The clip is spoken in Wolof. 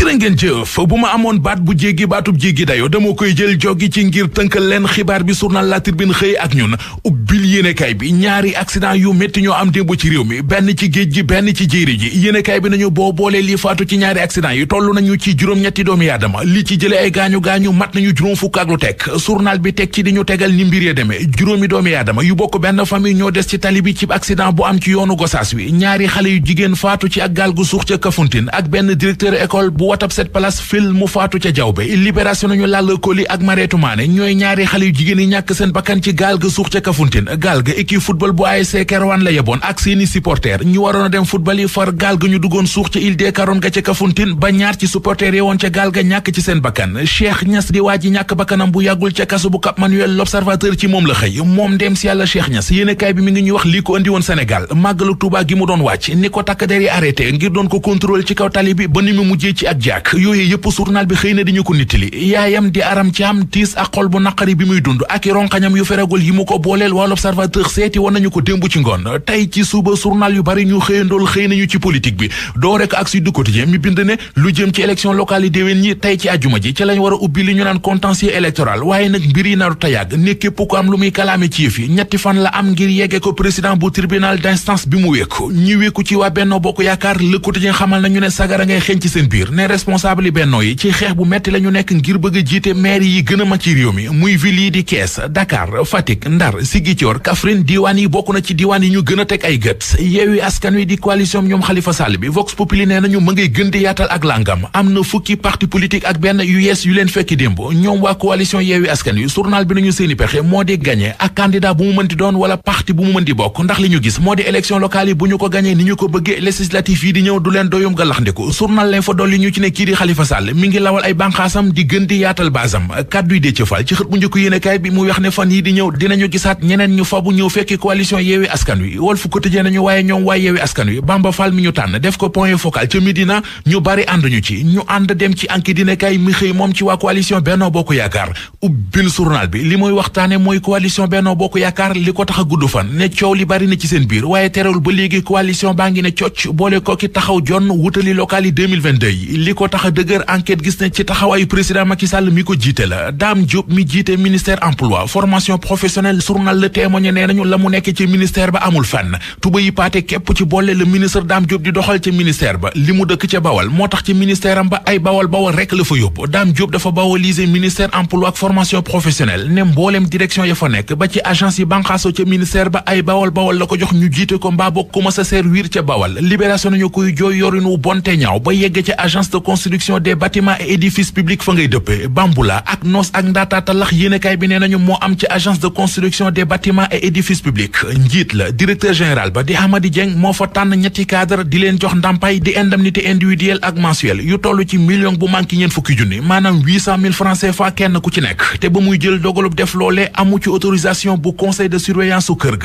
jërë ngeen jëf bu ma amoon baat bu jéggi baatub jéggi dayo dama koy jël joggi ci ngir tënkal leen xibaar bi journal La Tribune xëy ak ñun ubbil yéenekaay bi ñaari accident yu métti ñoo am démb ci réew mi benn ci géej gi benn ci jéeri ji yéenekaay bi nañu boo boolee li faatu ci ñaari accident yi toll nañu ci juróom-ñetti doomi aadama li ci jële ay gaañu-gaañu mat nañu juróom fukk ak lu teg journal bi teg ci di ñu tegal ni mbir ya demee juróomi doomi aadama yu bokk benn famille ñoo des ci tali bi ci accident bu am ci yoonu Gossas ñaari xale yu jigéen faatu ci ak gaal gu suux ca Kafountine ak benn directeur école bu watop set place fil mu faatu ca jawbe libération nañu làll koli ak mareetu ñooy ñaari xale yu jigéen yi ñàkk seen bakkan ci gaal ga suux ca Kafountine gaal ga équipe football bu ASC Kerwan la yeboon ak seeni supporter ñu waroon a dem football yi far gaal ga ñu duggoon suux ca île des Carottes ga ca Kafountine ba ñaar ci supporter yi woon ca gaal ga ñàkk ci seen bakkan Cheikh Niass di waa ji ñàkk bakkanam bu yàggul ca kas bu Cap Manuel l'Observateur ci moom la xëy moom dem si yàlla Cheikh Niass yéenekaay bi mi ngi ñuy wax lii ko indi woon Sénégal màggalu Tuubaa gi mu doon wàcc ni ko takk der yi arrêté ngir doon ko contrôle ci kaw tali bi ba ni Diak yooyu yëpp journal bi xëy na dañu ko nittali yaayam di aram ci tiis ak xol bu naqari bi muy dund ak i ronxañam yu feragul yi mu ko booleel waa l'observateur seeti woon nañu ko démb ci ngoon tey ci suba journal yu bari ñu xëyandool xëy nañu ci politique bi doo rek ak Sud Quotidien mi bind ne lu jëm ci élection locale yi déwén ñi tey ci àjjuma ji ci lañ war a ubbi li ñu naan contentieux électoral waaye nag mbir yi naru ta yàgg ne képp ko am lu muy kalaame ci yëf ñetti fan la am ngir yeggee ko président bu tribunal d'instance bi mu wékku ñi wékku ci waa Benno Yaakaar Le Quotidien xamal nañu ne sagara ngay xeeñ ci seen responsable yi Benno yi ci xeex bu metti la nekk ngir bëgg a jiite maire yi gën a mag ci réew mi muy ville yi di Kees Dakar Fatick Ndar Ziguinchor Kaffrine diiwaan yi bokk na ci diiwaan yi ñu gën a teg ay gët Yewwi Askan Wi di coalition ñoom Khalifa Sall bi Vox Populi nee nañu ma ngay gën di yaatal ak langam am na fukki parti politique ak benn yu yees yu leen fekki démb ñoom waa coalition Yewwi Askan Wi journal bi nañu seeni pexe moo di gagné ak candidat bu mu mënti doon wala bu mu mënti bokk ndax ñu gis moo di élection locale yi bu ñu ko gagné ni ñu ko bëggee di ñëw du leen doyum ga lax ndiku ci ne kii di xalifa Sall mi ngi lawal ay bànqaasam di gën di yaatal baasam kàdduy Déthié Fall ci xët bu njëkk yéenekaay bi mu wax ne fan yi di ñëw dinañu gisaat ñeneen ñu fabu ñëw fekki coalition Yewwi Askan Wi Walf Quotidien nañu waaye ñoom waaye Yewwi Askan Wi Bamba Fall mi ñu tànn def ko point focal ca Médina ñu bari ànd ñu ci ñu ànd dem ci Enquête yéenekaay mi xëy moom ci waa coalition Benno Bokk Yaakaar ubbil journal bi li muy waxtaane mooy coalition Benno Bokk Yaakaar li ko tax a gudd fan ne coow li bari na ci seen biir waaye terewul ba léegi coalition baa ngi ne cocc boole ko ki taxaw jonn wutali local yi 2022 yi li ko tax a dëgër enquête gis ne ci taxawaayu président Macky Sall mi ko jiite la Dame Diop mi jiite ministère emploi formation professionnelle journal Le Témoin nee nañu la mu nekk ci ministère ba amul fenn tuba yi paate képp ci boole le ministre Dame Diop di doxal ci ministère ba li mu dëkk ca bawal moo tax ci ministère am ba ay bawal bawal rek la fa yóbbu Dame Diop dafa bawaliser ministère emploi ak formation professionnelle ne mboolem direction ya fa nekk ba ci agence yi banqaaso ca ministère ba ay bawal bawal la ko jox ñu jiite ko mbaa bokk commencé servir ca bawal libération nañu koy jooy yorin wu bonte ñaaw ba yegg ca agence ordonnance de construction des bâtiments et édifices publics fa ngay dëppe bambula ak noos ak ndaataata lax yéenekaay bi nee nañu moo am ci agence de construction des bâtiments et édifices publics njiit la directeur général ba di Hamadi Dieng moo fa tànn ñetti cadre di leen jox ndàmpaay di indemnité individuelle ak mensuelle yu toll ci million bu manque ñeen fukki junni maanaam huit cent mille francs CFA kenn ku ci nekk te ba muy jël dogalub def loole amu ci autorisation bu conseil de surveillance su kër